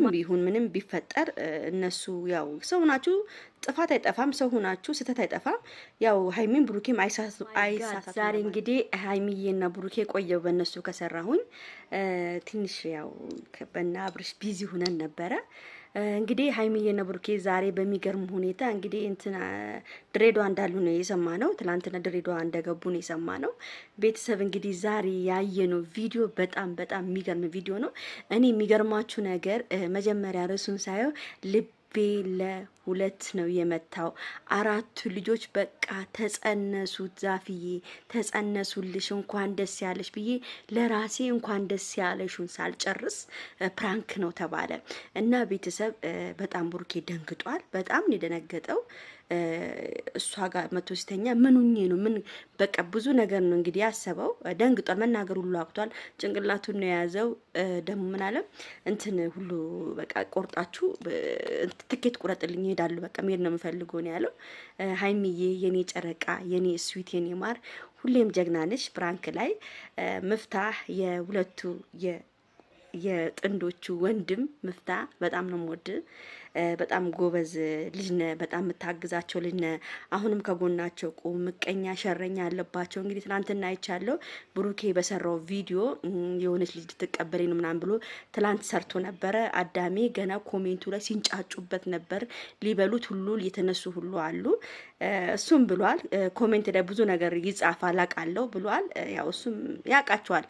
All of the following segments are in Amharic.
ሰው ቢሆን ምንም ቢፈጠር እነሱ ያው ሰው ናችሁ። ጥፋት አይጠፋም። ሰው ሆናችሁ ስህተት አይጠፋም። ያው ሀይሚን ብሩኬም አይሳሳት። oh ዛሬ እንግዲህ ሀይሚዬና ብሩኬ ቆየው በእነሱ ከሰራሁኝ ትንሽ ያው በና አብርሽ ቢዚ ሁነን ነበረ እንግዲህ ሀይሚዬና ብሩኬ ዛሬ በሚገርም ሁኔታ እንግዲህ እንትና ድሬዳዋ እንዳሉ ነው የሰማ ነው። ትላንትና ድሬዳዋ እንደገቡ ነው የሰማ ነው። ቤተሰብ እንግዲህ ዛሬ ያየነው ቪዲዮ በጣም በጣም የሚገርም ቪዲዮ ነው። እኔ የሚገርማችሁ ነገር መጀመሪያ ርዕሱን ሳየው ልብ ለሁለት ነው የመታው። አራቱ ልጆች በቃ ተጸነሱ፣ ዛፍዬ ተጸነሱልሽ፣ እንኳን ደስ ያለሽ ብዬ ለራሴ እንኳን ደስ ያለሹን ሳልጨርስ ፕራንክ ነው ተባለ እና ቤተሰብ በጣም ቡርኬ ደንግጧል። በጣም የደነገጠው። እሷ ጋር መቶ ሲተኛ ምኑኜ ነው ምን በቃ ብዙ ነገር ነው እንግዲህ ያሰበው። ደንግጧል። መናገር ሁሉ አቅቷል። ጭንቅላቱን ነው የያዘው። ደግሞ ምን እንትን ሁሉ በቃ ቆርጣችሁ ትኬት ቁረጥልኝ ይሄዳሉ። በቃ መሄድ ነው የምፈልገው ነው ያለው። ሀይሚዬ የኔ ጨረቃ፣ የኔ ስዊት፣ የኔ ማር ሁሌም ጀግና ነሽ። ብራንክ ላይ መፍታህ የሁለቱ የጥንዶቹ ወንድም መፍታ በጣም ነው ሞድ። በጣም ጎበዝ ልጅ ነ በጣም የምታግዛቸው ልጅ ነ አሁንም ከጎናቸው ቁም። ምቀኛ ሸረኛ ያለባቸው እንግዲህ ትናንትና አይቻለሁ። ብሩኬ በሰራው ቪዲዮ የሆነች ልጅ ልትቀበለኝ ነው ምናምን ብሎ ትላንት ሰርቶ ነበረ። አዳሜ ገና ኮሜንቱ ላይ ሲንጫጩበት ነበር። ሊበሉት ሁሉ የተነሱ ሁሉ አሉ። እሱም ብሏል ኮሜንት ላይ ብዙ ነገር ይጻፍ አላቃለሁ ብሏል። ያው እሱም ያውቃቸዋል።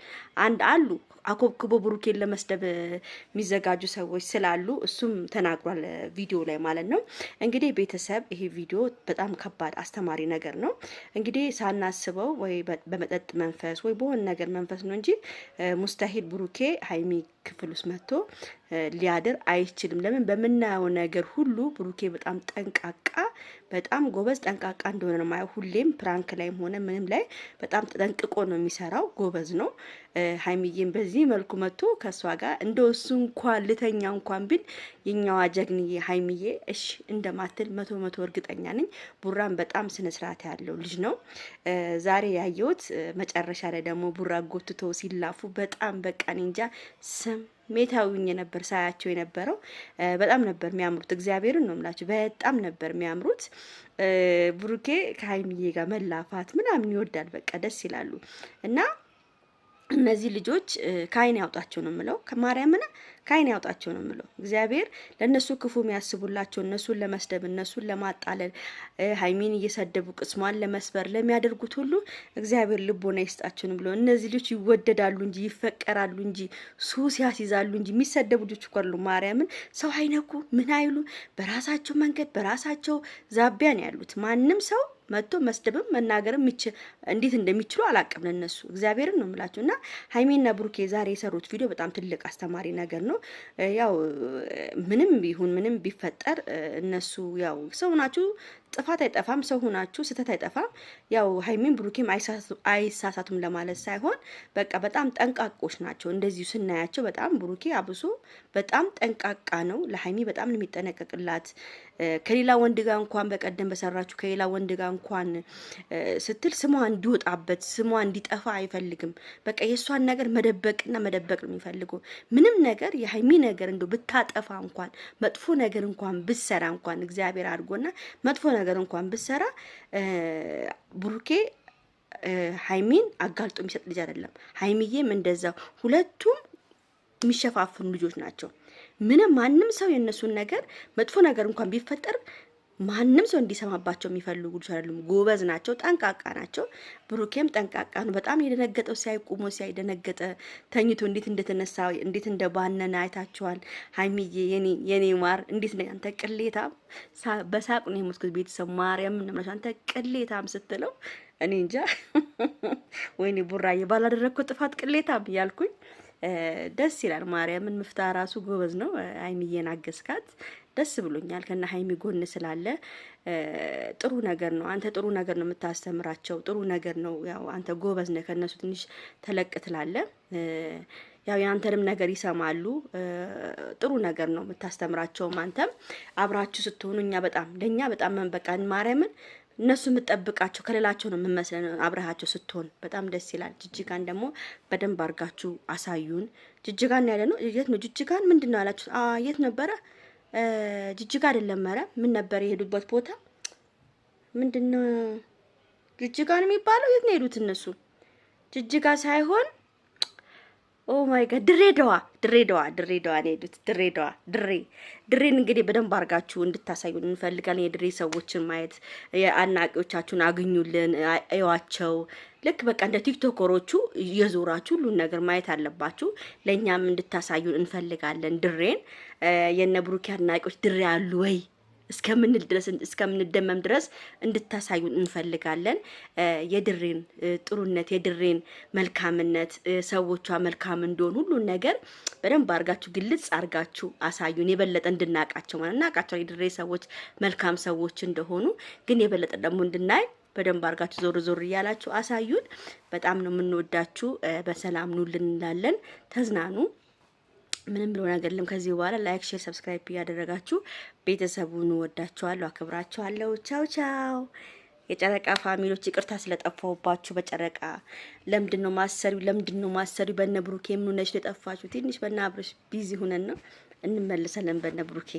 አንድ አሉ አኮብክቦ ብሩኬን ለመስደብ የሚዘጋጁ ሰዎች ስላሉ እሱም ተናግሯል። ቪዲዮ ላይ ማለት ነው። እንግዲህ ቤተሰብ ይሄ ቪዲዮ በጣም ከባድ አስተማሪ ነገር ነው። እንግዲህ ሳናስበው ወይ በመጠጥ መንፈስ ወይ በሆነ ነገር መንፈስ ነው እንጂ ሙስታሂል ብሩኬ ሀይሚ ክፍል ውስጥ መጥቶ ሊያድር አይችልም። ለምን? በምናየው ነገር ሁሉ ብሩኬ በጣም ጠንቃቃ፣ በጣም ጎበዝ ጠንቃቃ እንደሆነ ነው ማየው። ሁሌም ፕራንክ ላይም ሆነ ምንም ላይ በጣም ጠንቅቆ ነው የሚሰራው። ጎበዝ ነው። ሀይሚዬን በዚህ መልኩ መጥቶ ከእሷ ጋር እንደ እሱ እንኳን ልተኛ እንኳን ብል የኛዋ ጀግንዬ ሀይሚዬ እሺ እንደማትል መቶ መቶ እርግጠኛ ነኝ። ቡራን በጣም ስነስርዓት ያለው ልጅ ነው። ዛሬ ያየሁት መጨረሻ ላይ ደግሞ ቡራ ጎትቶ ሲላፉ በጣም በቃ እኔ እንጃ ስሜት ያውኝ ነበር ሳያቸው የነበረው በጣም ነበር የሚያምሩት። እግዚአብሔርን ነው የምላቸው፣ በጣም ነበር የሚያምሩት። ብሩኬ ከሀይሚዬ ጋር መላፋት ምናምን ይወዳል። በቃ ደስ ይላሉ እና እነዚህ ልጆች ከአይን ያውጣቸው ነው የምለው። ከማርያምና ከአይን ያውጣቸው ነው የምለው። እግዚአብሔር ለእነሱ ክፉ የሚያስቡላቸው እነሱን ለመስደብ፣ እነሱን ለማጣለል፣ ሀይሚን እየሰደቡ ቅስሟን ለመስበር ለሚያደርጉት ሁሉ እግዚአብሔር ልቦና ይስጣቸው ነው ብለው። እነዚህ ልጆች ይወደዳሉ እንጂ ይፈቀራሉ እንጂ ሱስ ያስይዛሉ እንጂ የሚሰደቡ ልጆች ይኳሉ። ማርያምን ሰው አይነኩ ምን አይሉ፣ በራሳቸው መንገድ በራሳቸው ዛቢያ ነው ያሉት። ማንም ሰው መጥቶ መስደብም መናገርም እንዴት እንደሚችሉ አላቅም ለነሱ እግዚአብሔርን ነው የምላቸው። እና ሀይሜና ብሩኬ ዛሬ የሰሩት ቪዲዮ በጣም ትልቅ አስተማሪ ነገር ነው። ያው ምንም ቢሆን ምንም ቢፈጠር እነሱ ያው ሰው ናችሁ ጥፋት አይጠፋም። ሰው ሆናችሁ ስህተት አይጠፋም። ያው ሀይሚን ብሩኬም አይሳሳቱም ለማለት ሳይሆን በቃ በጣም ጠንቃቆች ናቸው። እንደዚሁ ስናያቸው በጣም ብሩኬ አብሶ በጣም ጠንቃቃ ነው። ለሀይሚ በጣም የሚጠነቀቅላት። ከሌላ ወንድ ጋር እንኳን በቀደም በሰራችሁ ከሌላ ወንድ ጋር እንኳን ስትል ስሟ እንዲወጣበት ስሟ እንዲጠፋ አይፈልግም። በቃ የእሷን ነገር መደበቅና መደበቅ ነው የሚፈልገው። ምንም ነገር የሀይሚ ነገር እንደ ብታጠፋ እንኳን መጥፎ ነገር እንኳን ብትሰራ እንኳን እግዚአብሔር አድርጎና መጥፎ ነገር ነገር እንኳን ብትሰራ ብሩኬ ሀይሚን አጋልጦ የሚሰጥ ልጅ አይደለም። ሀይሚዬም እንደዛው ሁለቱም የሚሸፋፍኑ ልጆች ናቸው። ምንም ማንም ሰው የእነሱን ነገር መጥፎ ነገር እንኳን ቢፈጠር ማንም ሰው እንዲሰማባቸው የሚፈልጉ ልጅ አይደሉም። ጎበዝ ናቸው፣ ጠንቃቃ ናቸው። ብሩኬም ጠንቃቃ ነው። በጣም የደነገጠው ሲያይ ቁሞ ሲያይ ደነገጠ። ተኝቶ እንዴት እንደተነሳ እንዴት እንደባነነ አይታችኋል። ሀይሚዬ የኔ የኔ ማር እንዴት ነ አንተ ቅሌታም፣ በሳቅ ነው የሞትኩት ቤተሰብ ማርያም ነምለሽ አንተ ቅሌታም ስትለው እኔ እንጃ ወይኔ ቡራዬ ባላደረግኩት ጥፋት ቅሌታም ያልኩኝ ደስ ይላል። ማርያምን ምፍታ ራሱ ጎበዝ ነው። አይሚ አገዝካት። ደስ ብሎኛል ከነ ሀይሚ ጎን ስላለ ጥሩ ነገር ነው። አንተ ጥሩ ነገር ነው የምታስተምራቸው፣ ጥሩ ነገር ነው። ያው አንተ ጎበዝ ነህ፣ ከነሱ ትንሽ ተለቅ ትላለህ። ያው የአንተንም ነገር ይሰማሉ። ጥሩ ነገር ነው ያው አንተ ጎበዝ ነህ ከነሱ ትንሽ ተለቅ ትላለ ያው የአንተንም ነገር ይሰማሉ ጥሩ ነገር ነው የምታስተምራቸውም አንተም አብራችሁ ስትሆኑ እኛ በጣም ለእኛ በጣም መንበቃን ማርያምን እነሱ የምጠብቃቸው ከሌላቸው ነው የምመስለን አብረሃቸው ስትሆን በጣም ደስ ይላል። ጅጅጋን ደግሞ በደንብ አርጋችሁ አሳዩን። ጅጅጋን ያለ ነው። የት ነው ጅጅጋን? ምንድን ነው ያላችሁ? የት ነበረ? ጅጅጋ አይደለም። ኧረ ምን ነበር የሄዱበት ቦታ? ምንድን ነው ጅጅጋን የሚባለው? የት ነው የሄዱት እነሱ? ጅጅጋ ሳይሆን ኦ ማይ ጋድ ድሬዳዋ ድሬዳዋ ድሬዳዋ ነው የሄዱት። ድሬዳዋ ድሬ ድሬን እንግዲህ በደንብ አድርጋችሁ እንድታሳዩን እንፈልጋለን። የድሬ ሰዎችን ማየት የአድናቂዎቻችሁን አግኙልን፣ እዩዋቸው። ልክ በቃ እንደ ቲክቶከሮቹ እየዞራችሁ ሁሉን ነገር ማየት አለባችሁ። ለእኛም እንድታሳዩን እንፈልጋለን ድሬን። የነ ብሩኪ አድናቂዎች ድሬ አሉ ወይ እስከምንል ድረስ እስከምንደመም ድረስ እንድታሳዩ እንፈልጋለን። የድሬን ጥሩነት፣ የድሬን መልካምነት፣ ሰዎቿ መልካም እንደሆን ሁሉን ነገር በደንብ አርጋችሁ ግልጽ አርጋችሁ አሳዩን። የበለጠ እንድናቃቸው ማለት እናቃቸው የድሬ ሰዎች መልካም ሰዎች እንደሆኑ ግን የበለጠ ደግሞ እንድናይ በደንብ አርጋችሁ ዞር ዞር እያላችሁ አሳዩን። በጣም ነው የምንወዳችሁ። በሰላም ኑ እንላለን። ተዝናኑ። ምንም ብሎ ነገር የለም። ከዚህ በኋላ ላይክ፣ ሼር፣ ሰብስክራይብ እያደረጋችሁ ቤተሰቡን ወዳችኋለሁ፣ አክብራችኋለሁ። ቻው ቻው። የጨረቃ ፋሚሊዎች ይቅርታ ስለጠፋሁባችሁ። በጨረቃ ለምንድን ነው ማሰሪው? ለምንድን ነው ማሰሪው? በነ ብሩኬ ምን ሆነሽ የጠፋችሁ? ትንሽ በነ አብርሽ ቢዚ ሁነን ነው። እንመልሳለን በነ ብሩኬ